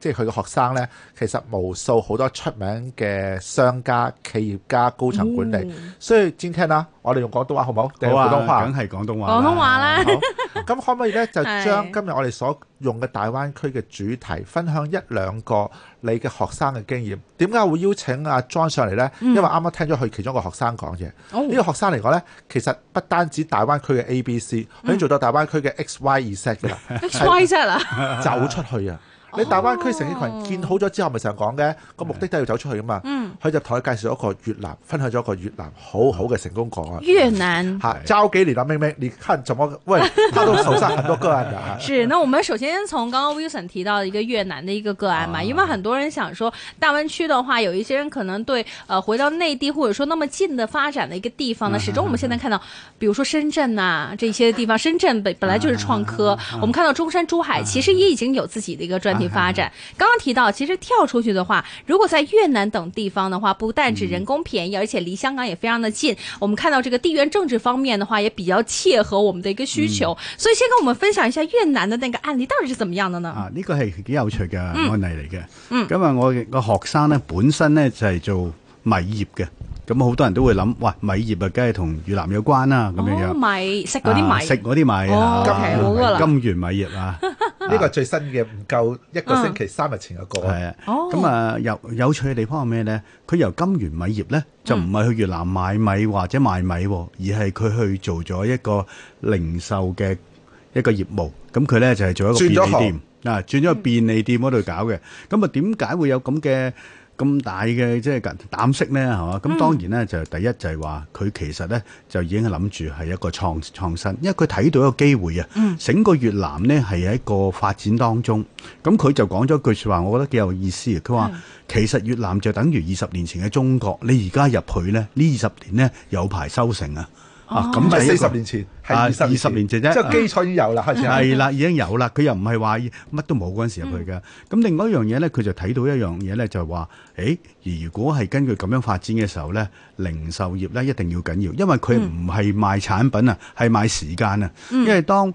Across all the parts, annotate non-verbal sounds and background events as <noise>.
即係佢嘅學生呢，其實無數好多出名嘅商家、企業家、高層管理。嗯、所以專聽啦，我哋用廣東話好唔好普通話？好啊，梗係廣東話。廣東話啦。咁 <laughs> 可唔可以呢？就將今日我哋所用嘅大灣區嘅主題，分享一兩個你嘅學生嘅經驗。點解會邀請阿、啊、John 上嚟呢、嗯？因為啱啱聽咗佢其中一個學生講嘢。呢、嗯呢個學生嚟講呢，其實不單止大灣區嘅 A、嗯、B、C，已經做到大灣區嘅 X、Y、Z 啦。X、Y、Z 啊？走出去啊！嗯 <laughs> 你大灣區城市群建好咗之後想，咪成日講嘅個目的都係要走出去噶嘛？嗯，佢就同佢介紹一個越南，分享咗一個越南好好嘅成功個案。越南吓，交 <laughs> 給你啦，妹妹，你看怎麼喂？他都手上很多個案嘅、啊。 <laughs> 是，那我們首先從剛剛 Wilson 提到一個越南的一個個案嘛，啊、因為很多人想說大灣區嘅話，有一些人可能對，呃回到內地，或者說那麼近的發展嘅一個地方呢，始終我們現在看到，啊、比如說深圳啊，啊，這些地方，深圳本本來就是創科、啊啊，我們看到中山、珠海，啊、其實也已經有自己的一個專、啊。啊啊、是是是發展剛剛提到，其實跳出去的話，如果在越南等地方的話，不但只人工便宜，嗯、而且離香港也非常的近。我們看到這個地緣政治方面的話，也比較切合我們的一個需求、嗯。所以先跟我們分享一下越南的那個案例到底是怎麼樣的呢？啊，呢、呢個係幾有趣嘅案例嚟嘅。嗯，咁、嗯、啊，我個學生咧，本身咧就係、是、做米業嘅。咁好多人都會諗，哇！米業啊，梗係同越南有關啦，咁樣樣米食嗰啲米，食嗰啲米啊，金好噶啦，金源米業啊，呢個最新嘅唔夠一個星期三日前嘅個，係啊，咁啊有有趣嘅地方係咩咧？佢由金源米業咧就唔係去越南買米或者賣米，而係佢去做咗一個零售嘅一個業務。咁佢咧就係做一個便利店啊，轉咗去便利店嗰度搞嘅。咁啊，點解會有咁嘅？咁大嘅即係膽識呢，係、嗯、嘛？咁當然呢，就第一就係話佢其實呢，就已經諗住係一個創創新，因為佢睇到一個機會啊、嗯。整個越南呢，係一個發展當中，咁佢就講咗一句説話，我覺得幾有意思。佢話、嗯、其實越南就等於二十年前嘅中國，你而家入去呢，呢二十年呢，有排收成啊。啊，咁咪四十年前，係二十年前啫，即係基礎已經有啦，開始係啦，已經有啦。佢又唔係話乜都冇嗰陣時入去嘅。咁、嗯、另外一樣嘢咧，佢就睇到一樣嘢咧，就係、是、話、哎，如果係根據咁樣發展嘅時候咧，零售業咧一定要緊要，因為佢唔係賣產品啊，係、嗯、賣時間啊。因為當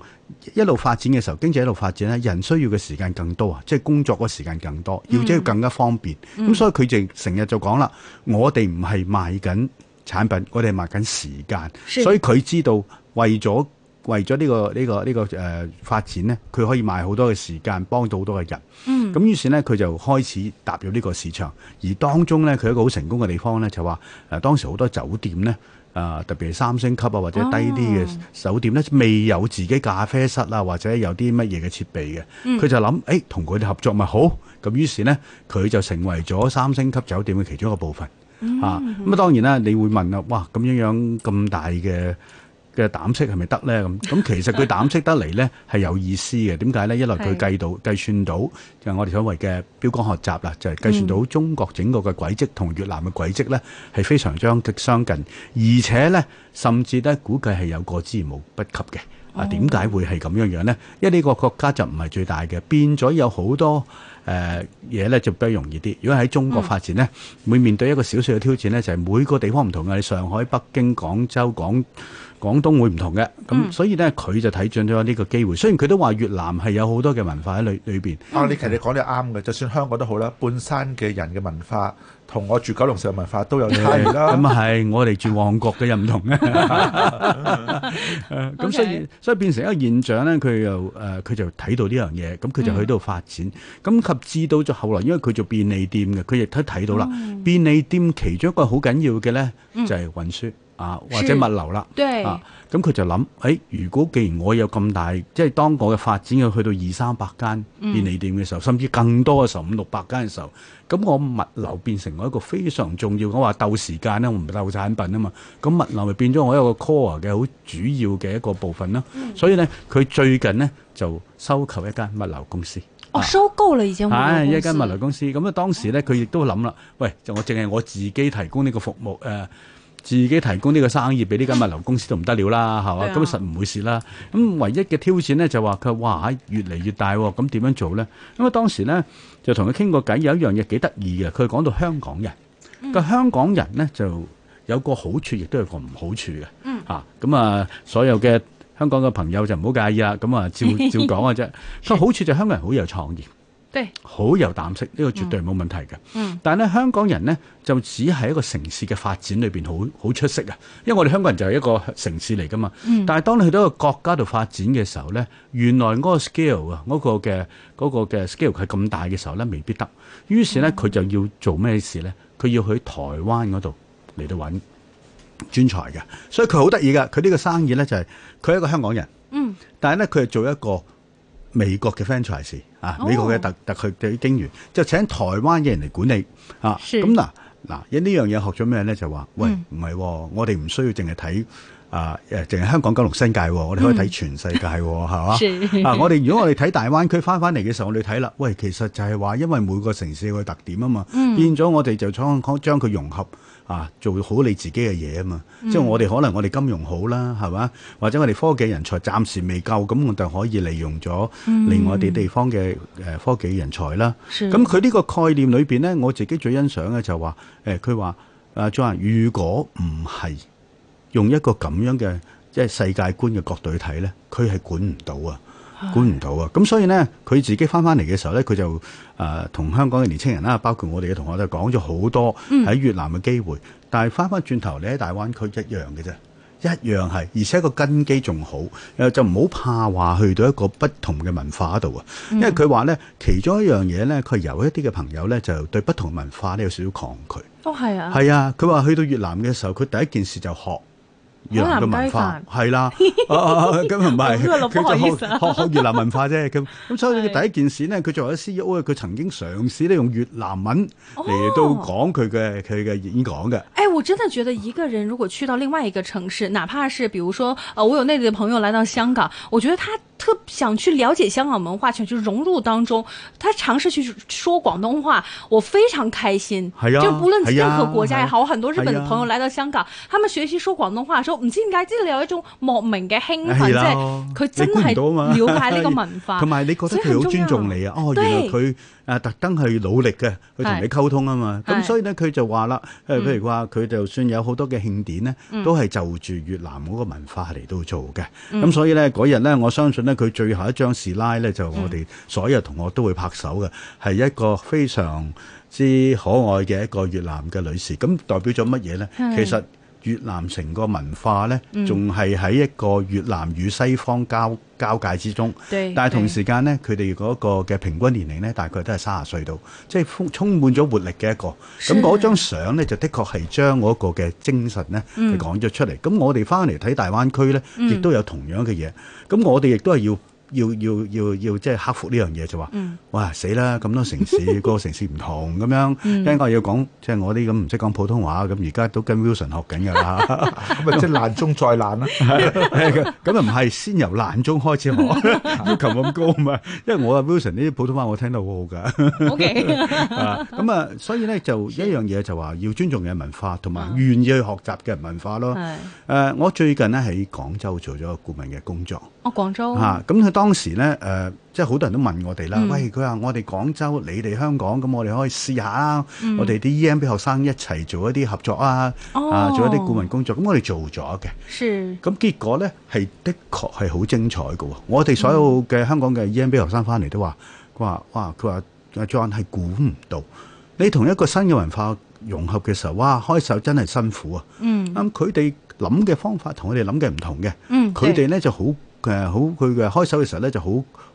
一路發展嘅時候，經濟一路發展咧，人需要嘅時間更多啊，即、就、係、是、工作嘅時間更多，要即要更加方便。咁、嗯、所以佢就成日就講啦，我哋唔係賣緊。產品我哋賣緊時間，所以佢知道為咗為咗呢、呢個呢、呢個呢、呢個誒、呃、發展呢，佢可以賣好多嘅時間，幫到好多嘅人。嗯，咁於是呢，佢就開始踏入呢個市場。而當中呢，佢一個好成功嘅地方呢，就話誒、呃、當時好多酒店呢，啊、呃，特別係三星級啊或者低啲嘅酒店呢、啊，未有自己咖啡室啊或者有啲乜嘢嘅設備嘅。佢、嗯、就諗誒同佢哋合作咪好咁，於是呢，佢就成為咗三星級酒店嘅其中一個部分。嗯嗯、啊，咁啊當然啦，你會問啦，哇咁樣樣咁大嘅嘅膽識係咪得咧？咁、嗯、咁其實佢膽識得嚟咧係有意思嘅，點解咧？一來佢計到計算到就係我哋所謂嘅標竿學習啦，就係、是、計算到中國整個嘅軌跡同越南嘅軌跡咧係非常將極相近，而且咧甚至都估計係有過之而無不及嘅。啊，點解會係咁樣樣呢？因為呢個國家就唔係最大嘅，變咗有好多誒嘢呢就比較容易啲。如果喺中國發展呢，會面對一個小小嘅挑戰呢，就係每個地方唔同嘅，你上海、北京、廣州、廣廣東會唔同嘅，咁所以咧佢就睇準咗呢個機會。嗯、雖然佢都話越南係有好多嘅文化喺裏裏邊。啊、嗯，你其實你講得啱嘅，就算香港都好啦，半山嘅人嘅文化同我住九龍城嘅文化都有嘅、啊。係、嗯、啦，咁啊係，我哋住旺角嘅又唔同嘅。咁 <laughs> <laughs> <laughs> 所以所以變成一個現象咧，佢又誒佢就睇到呢樣嘢，咁佢就去到發展。咁、嗯、及至到咗後來，因為佢做便利店嘅，佢亦都睇到啦、嗯。便利店其中一個好緊要嘅咧，就係、是、運輸。嗯啊，或者物流啦，啊，咁佢就諗，誒、哎，如果既然我有咁大，即係當我嘅發展要去到二三百間便利店嘅時候、嗯，甚至更多嘅時候，五六百間嘅時候，咁我物流變成我一個非常重要，我話鬥時間咧，我唔鬥產品啊嘛，咁物流咪變咗我一個 core 嘅好主要嘅一個部分咯、嗯。所以咧，佢最近呢就收購一間物流公司。哦，啊、收購啦已經。啊，一間物流公司。咁、嗯、啊，當時咧佢亦都諗啦，喂，就我淨係我自己提供呢個服務誒。呃自己提供呢個生意俾呢間物流公司都唔得了啦，係 <laughs> 嘛是吧？咁 <laughs> 實唔會蝕啦。咁唯一嘅挑戰呢，就話佢哇越嚟越大喎，咁點樣，樣做呢？因為當時呢，就同佢傾過偈，有一樣嘢幾得意嘅，佢講到香港人。個香港人呢，就有個好處，亦都有個唔好處嘅。咁 <laughs> 啊，啊，所有嘅香港嘅朋友就唔好介意啦。咁啊，照照講嘅啫。佢 <laughs> 好處就香港人好有創意。好有膽識，呢、這個絕對冇問題嘅、嗯。但係咧，香港人咧就只係一個城市嘅發展裏邊好好出色啊！因為我哋香港人就係一個城市嚟㗎嘛。嗯、但係當你去到一個國家度發展嘅時候咧，原來嗰個 scale 啊、那個，嗰、那個嘅嗰嘅 scale 係咁大嘅時候咧，未必得。於是咧，佢就要做咩事咧？佢要去台灣嗰度嚟到搵專才嘅。所以佢好得意㗎。佢呢個生意咧就係佢係一個香港人。嗯。但係咧，佢係做一個。美國嘅 franchise 啊，美國嘅特、哦、特區嘅經理，就請台灣嘅人嚟管理咁嗱嗱，啊啊啊、這樣東西學了呢樣嘢學咗咩咧？就話，喂，唔、嗯、係、哦，我哋唔需要淨係睇啊，淨、啊、係香港九龍新界、哦，我哋可以睇全世界、哦，係、嗯、嘛？是是 <laughs> 啊，我哋如果我哋睇大灣區翻翻嚟嘅時候，我哋睇啦，喂，其實就係話，因為每個城市嘅特點啊嘛，變、嗯、咗我哋就將佢融合。啊，做好你自己嘅嘢啊嘛！即係我哋可能我哋金融好啦，係、嗯、嘛？或者我哋科技人才暫時未夠，咁我哋可以利用咗另外啲地方嘅誒科技人才啦。咁佢呢個概念裏邊咧，我自己最欣賞嘅就話誒，佢、欸、話啊張啊，如果唔係用一個咁樣嘅即係世界觀嘅角度去睇咧，佢係管唔到啊！管唔到啊！咁所以呢，佢自己翻翻嚟嘅時候呢，佢就誒同、呃、香港嘅年青人啦，包括我哋嘅同學都講咗好多喺越南嘅機會。嗯、但係翻翻轉頭，你喺大灣區一樣嘅啫，一樣係，而且個根基仲好。誒就唔好怕話去到一個不同嘅文化度啊、嗯，因為佢話呢，其中一樣嘢呢，佢有一啲嘅朋友呢，就對不同文化呢有少少抗拒。哦，係啊，係啊，佢話去到越南嘅時候，佢第一件事就學。越南嘅文化係啦，咁又唔係，佢、 <laughs> 啊啊嗯、 <laughs> 就學學 <laughs> 越南文化啫。咁咁所以佢第一件事呢，佢 <laughs> 作為一 CEO，佢曾經嘗試咧用越南文嚟到講佢嘅佢嘅演講嘅。誒、欸，我真係覺得一個人如果去到另外一個城市， <laughs> 哪怕是，比如說，啊，我有內地嘅朋友嚟到香港，我覺得他。特想去了解香港文化，想去融入當中。他嘗試去說廣東話，我非常開心。係、啊、就不論任何國家也、啊、好，很多日本的朋友來到香港、啊，他們學習說廣東話時唔知點解即係你有一種莫名嘅興奮，即係佢真係了解呢個文化，同 <laughs> 埋你覺得佢好尊重你啊。哦，原來佢誒、啊、特登去努力嘅去同你溝通啊嘛。咁所以咧，佢就話啦，誒、譬、嗯、如話佢就算有好多嘅慶典咧、嗯，都係就住越南嗰個文化嚟到做嘅。咁、嗯、所以咧嗰日咧，我相信咧。佢最後一張是拉咧，就我哋所有同學都會拍手嘅，係、嗯、一個非常之可愛嘅一個越南嘅女士。咁代表咗乜嘢咧？其實。越南成個文化咧，仲係喺一個越南與西方交交界之中，嗯、對對，但係同時間咧，佢哋嗰個嘅平均年齡咧，大概都係卅歲度，即係充充滿咗活力嘅一個。咁嗰張相咧，就的確係將嗰個嘅精神咧，係講咗出嚟。咁、嗯、我哋翻嚟睇大灣區咧，亦都有同樣嘅嘢。咁我哋亦都係要。要要要要即係克服呢樣嘢就話、嗯，哇死啦咁多城市，個城市唔同咁樣、嗯，因為我要講即係我啲咁唔識講普通話咁，而家都跟 Wilson 學緊噶啦，咁啊即係難中再難啦，咁啊唔係先由難中開始學， <laughs> 要求咁高嘛， <laughs> 因為我啊 Wilson 呢啲普通話我聽得好好噶。O K，咁啊，所以咧就一樣嘢就話要尊重嘅文化，同埋願意去學習嘅文化咯。誒、啊啊，我最近咧喺廣州做咗個顧問嘅工作。哦，廣州吓咁佢、啊、當時咧、呃，即係好多人都問我哋啦、嗯。喂，佢話我哋廣州，你哋香港，咁我哋可以試下、嗯、我哋啲 EMB 學生一齊做一啲合作啊、哦，啊，做一啲顧問工作。咁、嗯、我哋做咗嘅，咁結果咧，係的確係好精彩喎。我哋所有嘅香港嘅 EMB 學生翻嚟都話，佢、嗯、話哇，佢話阿 John 係估唔到，你同一個新嘅文化融合嘅時候，哇，開手真係辛苦啊。嗯。咁佢哋諗嘅方法同我哋諗嘅唔同嘅。佢哋咧就好。嘅好，佢嘅開手嘅時候咧，就好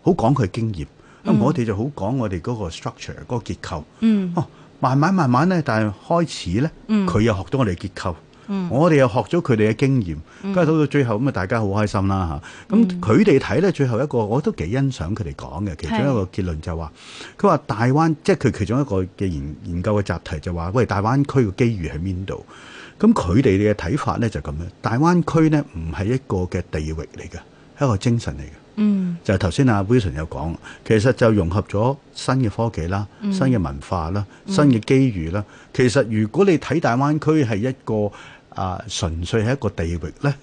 好講佢嘅經驗。咁、嗯、我哋就好講我哋嗰個 structure 嗰個結構。嗯，哦，慢慢慢慢咧，但係開始咧，佢、嗯、又學到我哋嘅結構。嗯、我哋又學咗佢哋嘅經驗。跟咁到到最後咁啊，大家好開心啦嚇。咁佢哋睇咧最後一個，我都幾欣賞佢哋講嘅其中一個結論就話，佢話大灣即係佢其中一個嘅研研究嘅集題就話，喂大灣區嘅機遇喺邊度？咁佢哋嘅睇法咧就咁樣，大灣區咧唔係一個嘅地域嚟嘅。一個精神嚟嘅，嗯，就係頭先阿 Wilson 有講，其實就融合咗新嘅科技啦、新嘅文化啦、嗯、新嘅機遇啦、嗯。其實如果你睇大灣區係一個啊純粹係一個地域咧，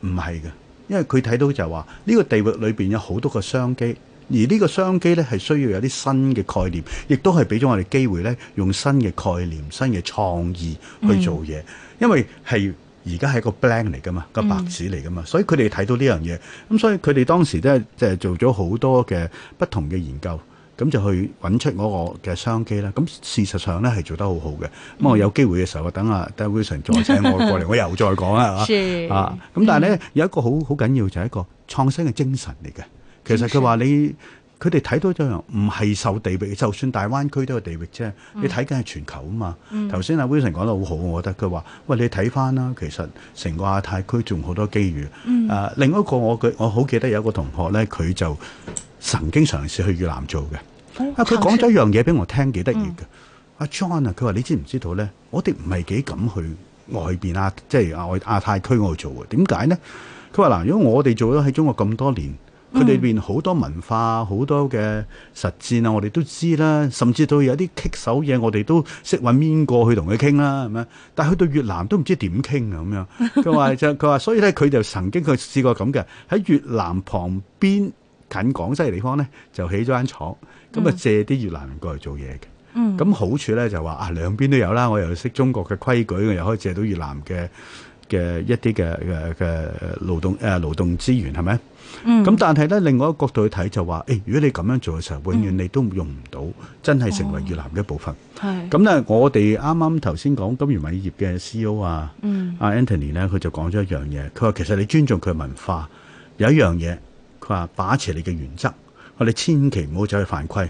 唔係嘅，因為佢睇到就話呢個地域裏邊有好多個商機，而呢個商機咧係需要有啲新嘅概念，亦都係俾咗我哋機會咧，用新嘅概念、新嘅創意去做嘢，嗯，因為係。而家係一個 blank 嚟噶嘛，個白紙嚟噶嘛、嗯，所以佢哋睇到呢樣嘢，咁所以佢哋當時咧就係、是、做咗好多嘅不同嘅研究，咁就去揾出嗰個嘅商機啦。咁事實上咧係做得好好嘅，咁我有機會嘅時候，我等阿 David Wilson 再請我過嚟、嗯，我又再講啦，嚇啊！咁但係咧有一個好好緊要就係、是、一個創新嘅精神嚟嘅，其實佢話你。佢哋睇到一樣唔係受地域，就算大灣區都係地域啫、嗯。你睇緊係全球啊嘛。頭先阿 Wilson 講得好好，我覺得佢話：喂、哎，你睇翻啦，其實成個亞太區仲好多機遇。誒、嗯啊，另一個我我好記得有一個同學咧，佢就曾經嘗試去越南做嘅。啊、哦，佢講咗一樣嘢俾我聽，幾得意嘅。阿 John 啊，佢話：你知唔知道咧？我哋唔係幾敢去外邊啊，即、就、係、是、亞太區外做嘅。點解咧？佢話嗱，如果我哋做咗喺中國咁多年。佢哋邊好多文化，好多嘅實戰啊！我哋都知啦，甚至到有啲棘手嘢，我哋都識搵邊個去同佢傾啦，係咪？但係去到越南都唔知點傾啊，咁樣。佢話就佢話，所以咧佢就曾經佢試過咁嘅，喺越南旁邊近廣西嘅地方咧，就起咗間廠，咁啊借啲越南人過嚟做嘢嘅。嗯，咁好處咧就話啊，兩邊都有啦，我又識中國嘅規矩，我又可以借到越南嘅。嘅一啲嘅嘅嘅勞動誒勞動資源係咪？嗯，咁但係咧另外一個角度去睇就話誒、哎、如果你咁樣做嘅時候，永遠你都用唔到、嗯，真係成為越南嘅一部分。係咁咧，我哋啱啱頭先講金源物業嘅 CEO 啊，嗯，阿 Anthony 咧，佢就講咗一樣嘢，佢話其實你尊重佢文化，有一樣嘢，佢話把持你嘅原則，我哋千祈唔好走去犯規，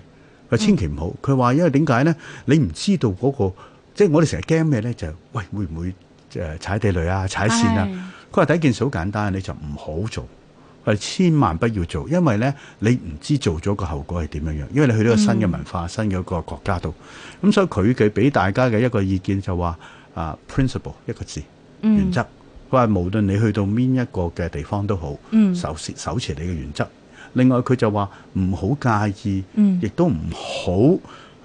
佢千祈唔好。佢、嗯、話因為點解咧？你唔知道嗰、那個，即、就、係、是、我哋成日驚咩咧？就係喂，會唔會。誒踩地雷啊，踩線啊，佢話第一件事好簡單，你就唔好做，佢話千萬不要做，因為呢，你唔知做咗個後果係點樣樣，因為你去到個新嘅文化、嗯、新嘅一個國家度，咁所以佢佢俾大家嘅一個意見就話、是、啊，principle 一個字原則，佢、嗯、話無論你去到邊一個嘅地方都好，嗯，守持守持你嘅原則。另外佢就話唔好介意，亦都唔好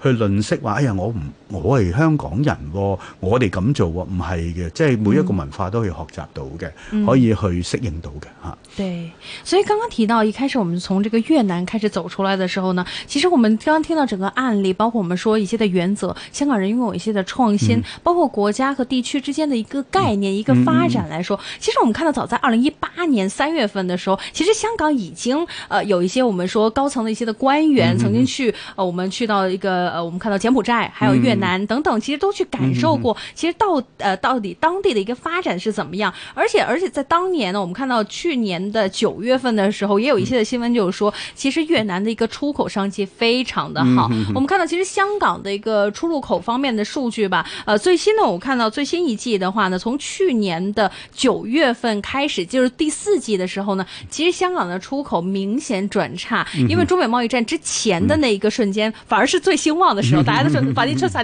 去吝嗇話，哎呀我唔。我係香港人，哦，我哋咁做唔係嘅，即係每一個文化都可以學習到嘅，嗯，可以去適應到嘅吓。對，所以剛剛提到，一開始我們從這個越南開始走出來的時候呢，其實我們剛剛聽到整個案例，包括我們說一些的原則，香港人擁有一些的創新，嗯，包括國家和地區之間的一個概念，嗯，一個發展來說，其實我們看到早在二零一八年三月份的時候，其實香港已經呃有一些我們說高層的一些的官員曾經去，嗯，呃我們去到一個呃我們看到柬埔寨，還有越南。嗯南等等，其實都去感受過。其實到呃，到底當地的一個發展是怎麼樣？而且，而且在當年呢，我們看到去年的九月份的時候，也有一些的新聞，就是說，其實越南的一個出口商機非常的好。嗯、哼哼我們看到，其實香港的一個出入口方面的數據吧，呃，最新呢，我們看到最新一季的話呢，從去年的九月份開始，就是第四季的時候呢，其實香港的出口明顯轉差，因為中美貿易戰之前的那一個瞬間，嗯、反而是最興旺的時候。大家都說把那車撒。嗯哼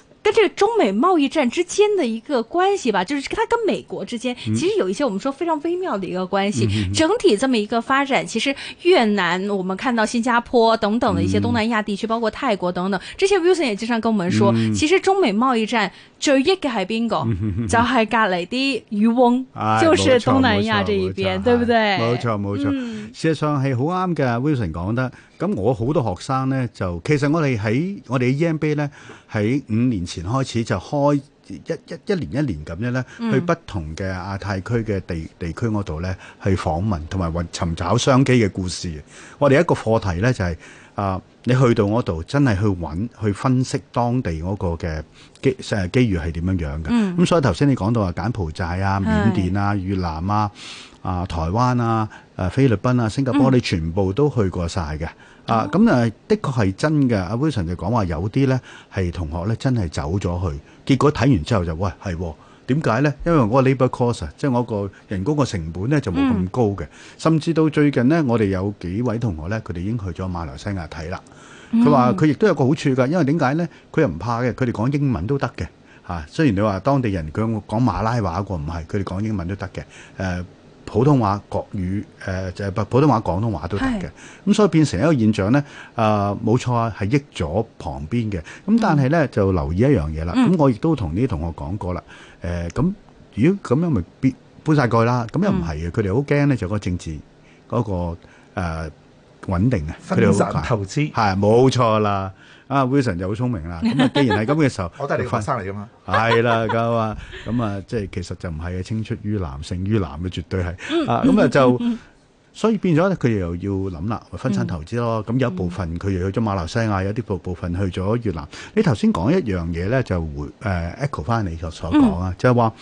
跟這個中美貿易戰之間的一個關係吧，就是佢，跟美國之間其實有一些我們說非常微妙的一個關係，嗯。整體這麼一個發展，其實越南，我們看到新加坡等等的一些東南亞地區，嗯、包括泰國等等，這些 Wilson 也經常跟我們說，嗯，其實中美貿易戰最益嘅係邊個？嗯、就係隔籬啲漁翁、哎，就是東南亞這一邊，哎、沒錯、對不對？冇錯冇錯，錯，事實上係好啱嘅。Wilson 講得，咁我好多學生呢，就其實我哋喺我哋 EMBA 呢喺五年前開始就開一一一年一年咁樣咧，去不同嘅亞太區嘅地地區嗰度咧，去訪問同埋尋找商機嘅故事。我哋一個課題咧就係、是、啊、呃，你去到嗰度真係去搵去分析當地嗰個嘅機遇係點樣嘅。咁、嗯、所以頭先你講到話柬埔寨啊、緬甸啊、越南啊、啊、呃、台灣啊、菲律賓啊、新加坡，嗯、你全部都去過晒嘅。啊，咁啊，的確係真嘅。Oh. 阿 Wilson 就講話有啲咧係同學咧真係走咗去，結果睇完之後就，喂，係點解咧？因為我個 labour cost 即係我個人工個成本咧就冇咁高嘅，mm. 甚至到最近咧，我哋有幾位同學咧，佢哋已經去咗馬來西亞睇啦。佢話佢亦都有個好處㗎，因為點解咧？佢又唔怕嘅，佢哋講英文都得嘅嚇。雖然你話當地人佢講馬拉話喎，唔係佢哋講英文都得嘅誒。啊普通話、國語、誒誒不普通話、廣東話都得嘅，咁、嗯、所以變成一個現象咧，誒、呃、冇錯啊，係益咗旁邊嘅。咁但係咧、嗯、就留意一樣嘢啦，咁我亦都同啲同學講過啦，誒咁如果咁樣咪搬搬曬過去啦，咁又唔係嘅，佢哋好驚咧就是、個政治嗰、那個誒、呃、穩定啊，分散投資係冇錯啦。啊，Wilson 就好聰明啦！咁啊，既然係咁嘅時候， <laughs> 我都係你佛山嚟噶嘛，係 <laughs> 啦，咁啊，咁啊，即係其實就唔係啊，青出於藍，勝於藍嘅，絕對係啊，咁啊就，所以變咗咧，佢又要諗啦，分散投資咯。咁、嗯、有一部分佢又去咗馬來西亞，嗯、有啲部部分去咗越南。你頭先講一樣嘢咧，就回誒、呃、echo 翻你所講啊、嗯，就係話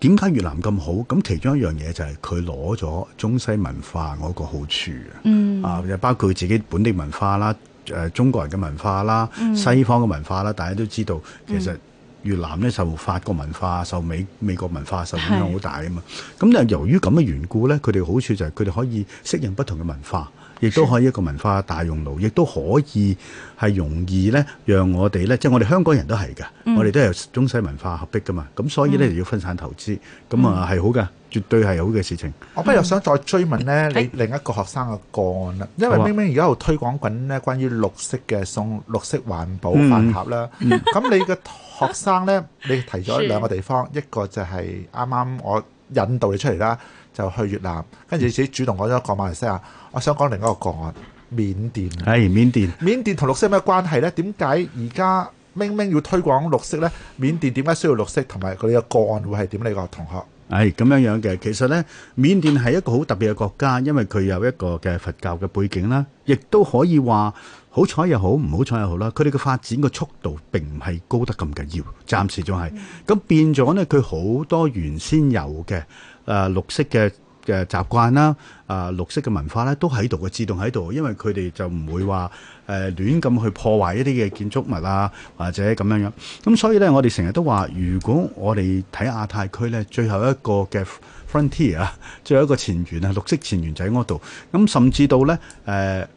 點解越南咁好？咁其中一樣嘢就係佢攞咗中西文化嗰個好處嘅、嗯，啊，又包括佢自己本地文化啦。誒、呃、中國人嘅文化啦，西方嘅文化啦、嗯，大家都知道，其實越南咧受法國文化、受美美國文化受影響好大啊嘛。咁啊，由於咁嘅緣故咧，佢哋好處就係佢哋可以適應不同嘅文化，亦都可以一個文化大熔爐，亦都可以係容易咧讓我哋咧，即、就、係、是、我哋香港人都係噶、嗯，我哋都係中西文化合璧噶嘛。咁所以咧、嗯、要分散投資，咁啊係、嗯、好噶。絕對係好嘅事情。我不如想再追問咧，你另一個學生嘅個案啦。因為明明而家喺度推廣緊咧，關於綠色嘅送綠色環保飯盒啦。咁你嘅學生咧，你提咗兩個地方，一個就係啱啱我引導你出嚟啦，就去越南，跟住你自己主動講咗一個馬來西亞。我想講另一個個案，緬甸。係緬甸，緬甸同綠色有咩關係咧？點解而家明明要推廣綠色咧？緬甸點解需要綠色？同埋佢哋嘅個案會係點？你個同學？係、哎、咁樣樣嘅，其實咧緬甸係一個好特別嘅國家，因為佢有一個嘅佛教嘅背景啦，亦都可以話好彩又好，唔好彩又好啦。佢哋嘅發展嘅速度並唔係高得咁緊要，暫時仲係咁變咗咧。佢好多原先有嘅誒、呃、綠色嘅。嘅習慣啦，啊、呃，綠色嘅文化咧都喺度嘅，自動喺度，因為佢哋就唔會話誒、呃、亂咁去破壞一啲嘅建築物啊，或者咁樣樣。咁所以咧，我哋成日都話，如果我哋睇亞太區咧，最後一個嘅 frontier 啊，最後一個前沿啊，綠色前沿就喺嗰度。咁甚至到咧誒、呃、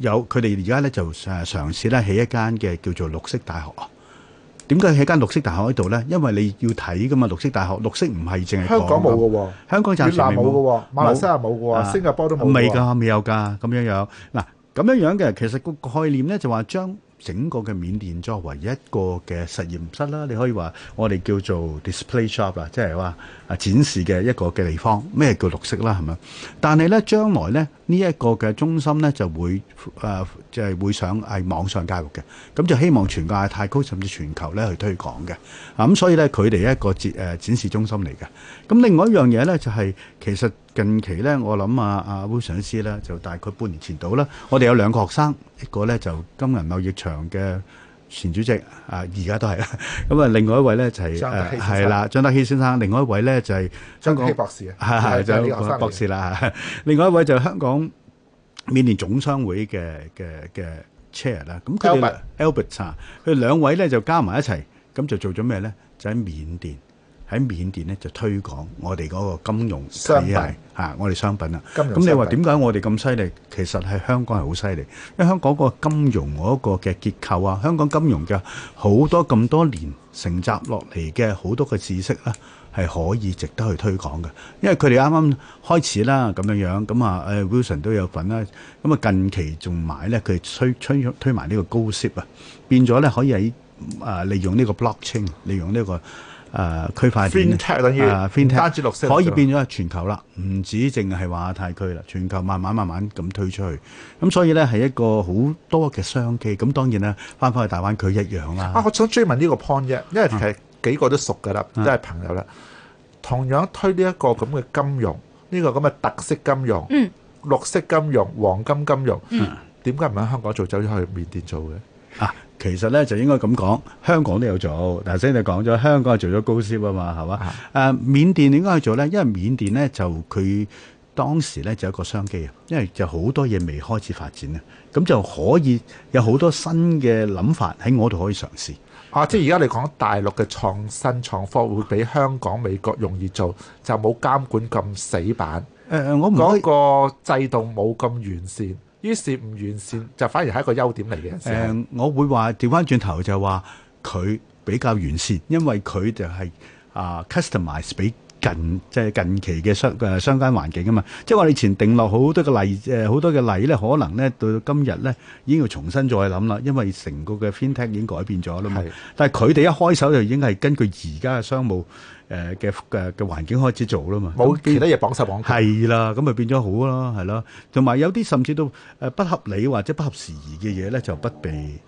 有佢哋而家咧就嘗試咧起一間嘅叫做綠色大學啊。點解喺間綠色大學喺度咧？因為你要睇噶嘛，綠色大學綠色唔係淨係香港冇㗎喎，越南冇㗎喎，馬來西亞冇㗎喎，新加坡都冇未㗎，未有㗎咁樣樣嗱，咁樣樣嘅其實個概念咧就話將整個嘅緬甸作為一個嘅實驗室啦，你可以話我哋叫做 display shop 啦，即係話啊展示嘅一個嘅地方咩叫綠色啦，係咪？但係咧將來咧。呢、這、一個嘅中心咧就會誒、呃，就係、是、會上係網上介入嘅，咁就希望全亞太區，甚至全球咧去推廣嘅，咁所以咧佢哋一個展誒展示中心嚟嘅。咁另外一樣嘢咧就係、是，其實近期咧我諗啊阿 Will Sir 咧就大概半年前到啦，我哋有兩個學生，一個咧就金銀貿易場嘅。前主席啊，而家都係啦。咁啊，另外一位咧就係係啦，張德熙先，、啊、先生。另外一位咧就係香港張博士啊，係係香港博士啦。另外一位就係香港緬甸總商會嘅嘅嘅 chair 啦。咁佢哋 Albert，Albert 佢、啊、兩位咧就加埋一齊，咁就做咗咩咧？就喺緬甸。喺緬甸咧就推廣我哋嗰個金融，係我哋金融商品我哋商品啦。咁你話點解我哋咁犀利？其實係香港係好犀利，因為香港個金融嗰個嘅結構啊，香港金融嘅好多咁多年承襲落嚟嘅好多嘅知識咧、啊，係可以值得去推廣嘅。因為佢哋啱啱開始啦咁樣樣，咁啊，Wilson 都有份啦。咁啊，近期仲買咧，佢推推推埋呢個高息啊，變咗咧可以喺啊利用呢個 blockchain，利用呢、呢個。誒區塊鏈咧，誒 FinTech 可以變咗係全球啦，唔止淨係話太區啦，全球慢慢慢慢咁推出去，咁所以咧係一個好多嘅商機。咁當然咧，翻返去大灣區一樣啦。我想追問呢個 point 啫，因為其實幾個都熟㗎啦，都係朋友啦。同樣推呢一個咁嘅金融，呢個咁嘅特色金融，嗯，綠色金融、黃金金融，嗯，點解唔喺香港做，走咗去面碟做嘅？啊，其實咧就應該咁講，香港都有做。頭先你講咗，香港係做咗高息啊嘛，係嘛？誒、啊，緬、啊、甸你應該去做咧，因為緬甸咧就佢當時咧就有一個商機啊，因為就好多嘢未開始發展啊，咁就可以有好多新嘅諗法喺我度可以嘗試。啊，即係而家你講大陸嘅創新創科會比香港、美國容易做，就冇監管咁死板。誒、呃，我唔講，嗰個制度冇咁完善。於是唔完善就反而係一個優點嚟嘅。誒、呃，我會話調翻轉頭，就話佢比較完善，因為佢就係啊 customize 俾。呃 Customize, 近，即係、就是、近期嘅商誒商間、呃、環境啊嘛，即係我哋以前定落好多嘅例誒，好、呃、多嘅例咧，可能咧到到今日咧已經要重新再諗啦，因為成個嘅 fintech 已經改變咗啦嘛。是但係佢哋一開手就已經係根據而家嘅商務誒嘅嘅嘅環境開始做啦嘛。冇其他嘢綁實綁實係啦，咁咪變咗好咯，係咯。同埋有啲甚至到誒不合理或者不合時宜嘅嘢咧，就不被。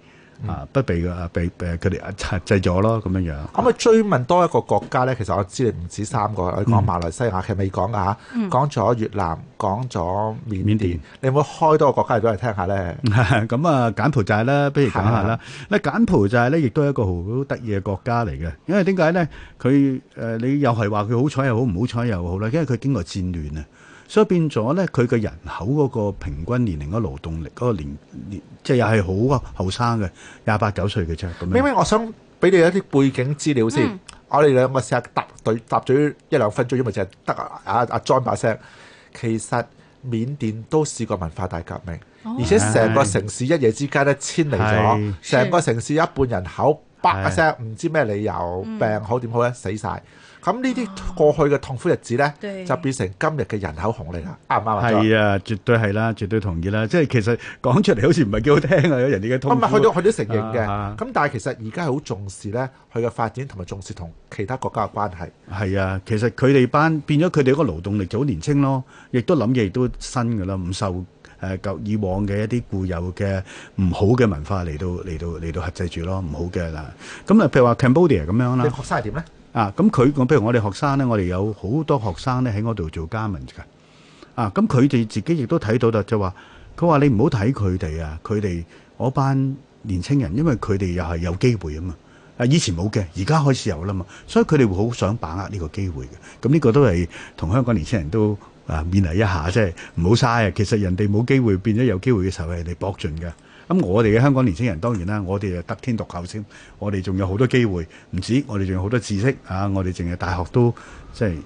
啊、嗯，不被嘅被誒佢哋製制咗咯，咁樣樣。可唔可以追問多一個國家咧？其實我知你唔止三個，你講馬來西亞，其實未講噶嚇，講咗、嗯、越南，講咗緬甸。你有冇開多個國家嚟俾我聽下咧？咁、嗯嗯嗯嗯嗯嗯嗯嗯、啊，柬埔寨咧，不如講下啦。你、啊、柬埔寨咧，亦都係一個好得意嘅國家嚟嘅。因為點解咧？佢、呃、你又係話佢好彩又好，唔好彩又好啦。因為佢經過戰亂啊。所以變咗咧，佢嘅人口嗰個平均年齡嗰勞動力嗰個年年，即係又係好個後生嘅，廿八九歲嘅啫。咁樣，因為我想俾你一啲背景資料先。嗯、我哋兩個成日搭對搭咗一兩分鐘，因為就係得阿阿 John 把聲。其實緬甸都試過文化大革命，哦、而且成個城市一夜之間咧遷離咗，成個城市一半人口。百個 percent 唔知咩理由病好點好咧死晒，咁呢啲過去嘅痛苦日子咧就變成今日嘅人口紅利啦，啱唔啱啊？係啊，絕對係啦，絕對同意啦。即係其實講出嚟好似唔係幾好聽啊，人哋嘅痛苦。唔係，佢都佢都承認嘅。咁但係其實而家係好重視咧佢嘅發展，同埋重視同其他國家嘅關係。係啊，其實佢哋班變咗佢哋嗰個勞動力就好年輕咯，亦都諗嘢都新㗎啦，唔受。誒、啊、舊以往嘅一啲固有嘅唔好嘅文化嚟到嚟到嚟到，到合制住咯，唔好嘅啦。咁啊，譬如話 Cambodia 咁樣啦，啊，你學生係點咧？啊，咁佢講，譬如我哋學生咧，我哋有好多學生咧喺我度做家務嘅。啊，咁佢哋自己亦都睇到就就話，佢話你唔好睇佢哋啊，佢哋嗰班年青人，因為佢哋又係有機會啊嘛。啊，以前冇嘅，而家開始有啦嘛，所以佢哋會好想把握呢個機會嘅。咁呢個都係同香港年青人都。啊！勉勵一下，即係唔好嘥啊。其實人哋冇機會變咗有機會嘅時候是的，係人哋搏盡嘅。咁我哋嘅香港年輕人當然啦，我哋就得天獨厚先。我哋仲有好多機會，唔止我哋仲有好多知識啊。我哋淨係大學都即係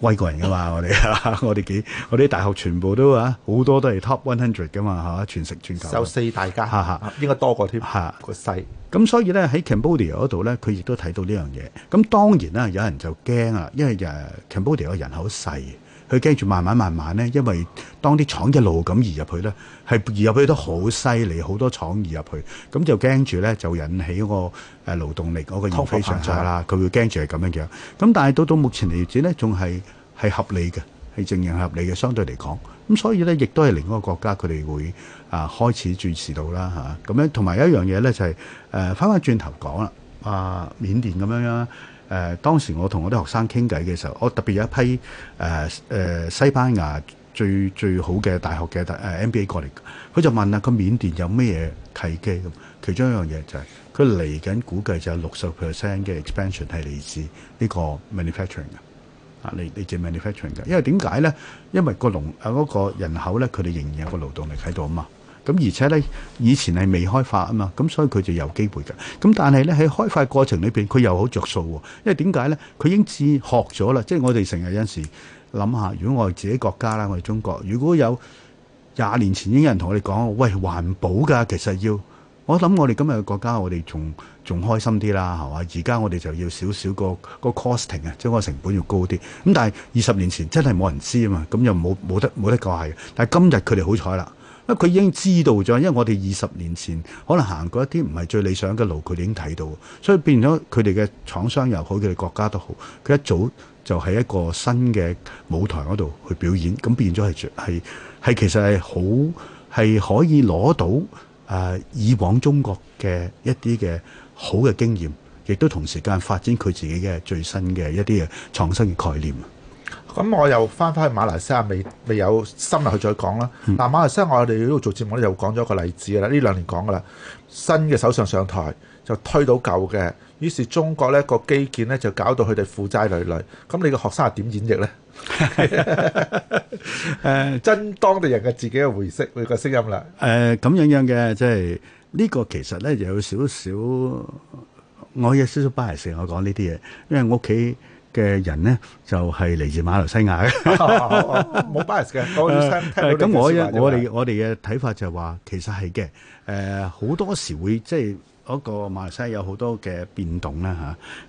威過人噶嘛。我哋 <laughs> 我哋幾我啲大學全部都啊好多都係 top one hundred 嘅嘛嚇，全食全球就四大家，哈哈應該多過添嚇個細咁，哈哈啊、所以咧喺 Cambodia 嗰度咧，佢亦都睇到呢樣嘢。咁當然啦，有人就驚啊，因為 Cambodia 個人口細。佢驚住慢慢慢慢咧，因為當啲廠一路咁移入去咧，係移入去都好犀利，好多廠移入去，咁就驚住咧就引起嗰個勞勞動力嗰、啊那個人非常差啦。佢、啊、會驚住係咁樣嘅。咁但係到到目前嚟講咧，仲係係合理嘅，係正正合理嘅，相對嚟講。咁所以咧，亦都係另一個國家佢哋會啊開始注視到啦嚇。咁樣同埋一樣嘢咧就係返翻返轉頭講啦，啊、就是、啊，回回啊緬甸咁樣樣。誒、呃、當時我同我啲學生傾偈嘅時候，我特別有一批誒、呃呃、西班牙最最好嘅大學嘅誒、呃、MBA 過嚟，佢就問啦：佢：「緬甸有咩嘢契機？」其中一樣嘢就係佢嚟緊，估計就係六十 percent 嘅 expansion 係嚟自呢個 manufacturing 嘅。啊，嚟嚟自 manufacturing 嘅，因為點解咧？因為個農啊嗰個人口咧，佢哋仍然有個勞動力喺度啊嘛。嗯。咁而且咧，以前係未開發啊嘛，咁所以佢就有機會嘅。咁但係咧喺開發過程裏邊，佢又好著數喎。因為點解咧？佢已經自學咗啦，即係我哋成日有陣時諗下，如果我哋自己國家啦，我哋中國，如果有廿年前已經有人同我哋講，喂，環保噶，其實要我諗，我哋今日國家，我哋仲仲開心啲啦，係嘛？而家我哋就要少少個個 costing 啊，即係個成本要高啲。咁但係二十年前真係冇人知啊嘛，咁又冇冇得冇得救係。但係今日佢哋好彩啦。因為佢已經知道咗，因為我哋二十年前可能行過一啲唔係最理想嘅路，佢哋已經睇到了，所以變咗佢哋嘅廠商又好，佢哋國家都好，佢一早就喺一個新嘅舞台嗰度去表演，咁變咗係係係其實係好係可以攞到誒、呃、以往中國嘅一啲嘅好嘅經驗，亦都同時間發展佢自己嘅最新嘅一啲嘅創新嘅概念。咁我又翻翻去馬來西亞，未未有深入去再講啦。嗱，馬來西亞我哋呢度做節目咧，又講咗一個例子噶啦。呢兩年講噶啦，新嘅首相上台就推到舊嘅，於是中國咧個基建咧就搞到佢哋負債累累。咁你個學生係點演繹咧？誒，真當地人嘅自己嘅回憶，佢嘅聲音啦。誒，咁樣樣嘅，即係呢個其實咧又有少少，我有少少巴嚟食我講呢啲嘢，因為我屋企嘅人呢，就係、是、嚟自馬來西亞嘅，冇 bias 嘅。咁我、嗯、我哋、嗯、我哋嘅睇法就係話，其實係嘅。好、呃、好多時會即係嗰個馬來西亞有好多嘅變動啦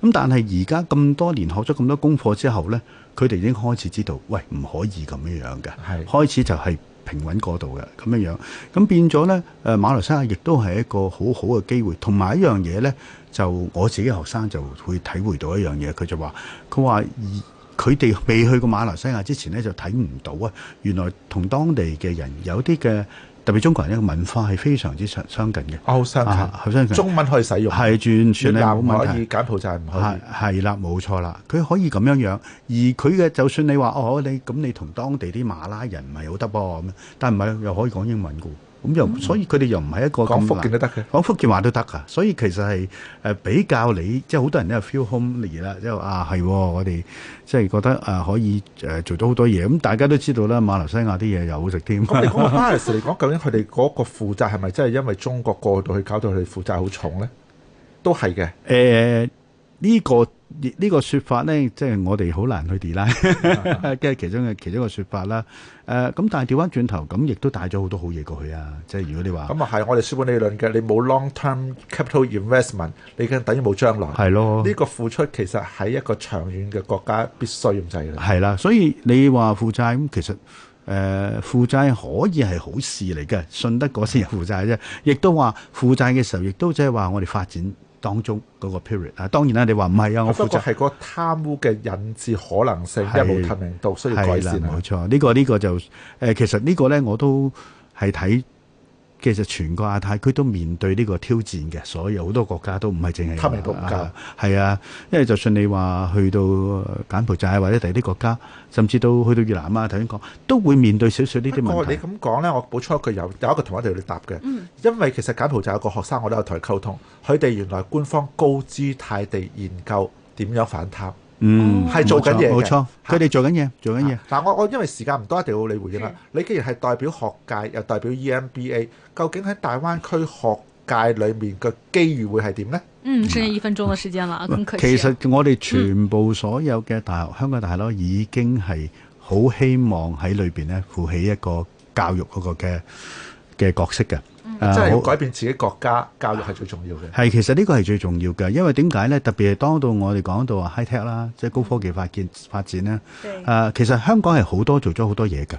吓。咁、啊、但係而家咁多年學咗咁多功課之後呢，佢哋已經開始知道，喂，唔可以咁樣樣嘅。係開始就係平穩過度嘅咁樣樣。咁變咗呢，誒、呃、馬來西亞亦都係一個好好嘅機會。同埋一樣嘢呢。就我自己學生就會體會到一樣嘢，佢就話：佢話而佢哋未去過馬來西亞之前咧，就睇唔到啊！原來同當地嘅人有啲嘅，特別中國人一個文化係非常之相近嘅、哦、相近嘅，好、啊、相近，好相近，中文可以使用，係完全可以，柬埔寨就係唔可以，係係啦，冇錯啦，佢可以咁樣樣，而佢嘅就算你話哦，你咁你同當地啲馬拉人唔係好得噃，但係唔係又可以講英文㗎。咁、嗯、又所以佢哋又唔係一個講福建都得嘅，講福建話都得噶。所以其實係誒比較你，即係好多人都 feel homely 啦。之後啊係，我哋即係覺得啊可以誒做到好多嘢。咁大家都知道啦，馬來西亞啲嘢又好食添。咁、嗯、 <laughs> 你講 Paris 嚟講，究竟佢哋嗰個負責係咪真係因為中國過度去搞到佢哋負責好重咧？都係嘅。誒、呃、呢、這個。呢、這個説法咧，即、就、係、是、我哋好難去 delight 啦、啊，即 <laughs> 係其中嘅其中一個説法啦。誒、呃，咁但係調翻轉頭，咁亦都帶咗好多好嘢過去啊！即係如果你話，咁啊係，我哋書本理論嘅，你冇 long-term capital investment，你梗係等於冇將來。係咯，呢、這個付出其實喺一個長遠嘅國家必須要制嘅。係啦，所以你話負債咁，其實誒負債可以係好事嚟嘅，信得過先係負債啫。亦都話負債嘅時候，亦都即係話我哋發展。當中嗰個 period 啊，當然啦，你話唔係啊，我負責係個貪污嘅引致可能性係冇透明度需要改善冇、啊、錯，呢、呢個呢個、個呢個就誒，其實呢個咧我都係睇。其實全個亞太區都面對呢個挑戰嘅，所以好多國家都唔係淨係，貪污國家係啊，因為就算你話去到柬埔寨或者第啲國家，甚至到去到越南啊頭先講，都會面對少少呢啲問題。不過你咁講咧，我補充一句有，有有一個同我哋嚟答嘅，因為其實柬埔寨有個學生，我都有同佢溝通，佢哋原來官方高姿態地研究點樣反貪。嗯，係、哦、做緊嘢，冇錯，佢哋做緊嘢，啊、做緊嘢、啊啊啊。但我我因為時間唔多，一定要你回應啦。你既然係代表學界，又代表 EMBA，究竟喺大灣區學界裏面嘅機遇會係點呢？嗯，剩下一分鐘嘅時間啦，咁、可惜、其實我哋全部所有嘅大學，香港大學已經係好希望喺裏邊呢負起一個教育嗰個嘅嘅角色嘅。即、嗯、係改變自己國家教育係最重要嘅。係，其實呢個係最重要嘅，因為點解咧？特別係當到我哋講到話 high tech 啦，即係高科技發展發展咧。誒、嗯啊，其實香港係好多做咗好多嘢㗎。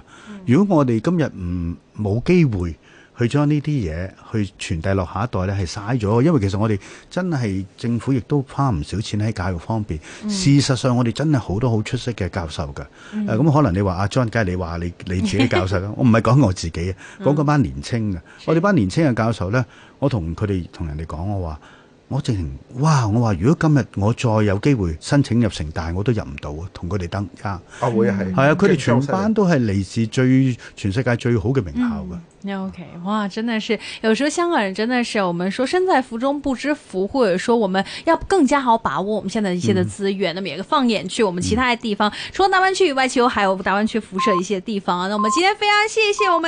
如果我哋今日唔冇機會，去將呢啲嘢去傳遞落下一代咧，係嘥咗。因為其實我哋真係政府亦都花唔少錢喺教育方面。嗯、事實上，我哋真係好多好出色嘅教授㗎。咁、嗯啊、可能你話阿 John，梗係你話你你自己教授啦。 <laughs> 我唔係講我自己啊，講嗰班年青嘅、嗯。我哋班年青嘅教授呢，我同佢哋同人哋講，我話。我我直情哇！我話，如果今日我再有機會申請入城大，我都入唔到啊！同佢哋登，啊會啊，係啊！佢哋全班都係嚟自最全世界最好嘅名校噶。你、嗯、OK？哇！真的是，有時候香港人真的是，我們說身在福中不知福，或者說我們要更加好把握我們現在一些的資源。那麼也放眼去我們其他嘅地方，嗯、除了大灣區以外，其實有還有大灣區輻射一些地方啊。那我們今天非常謝謝我們。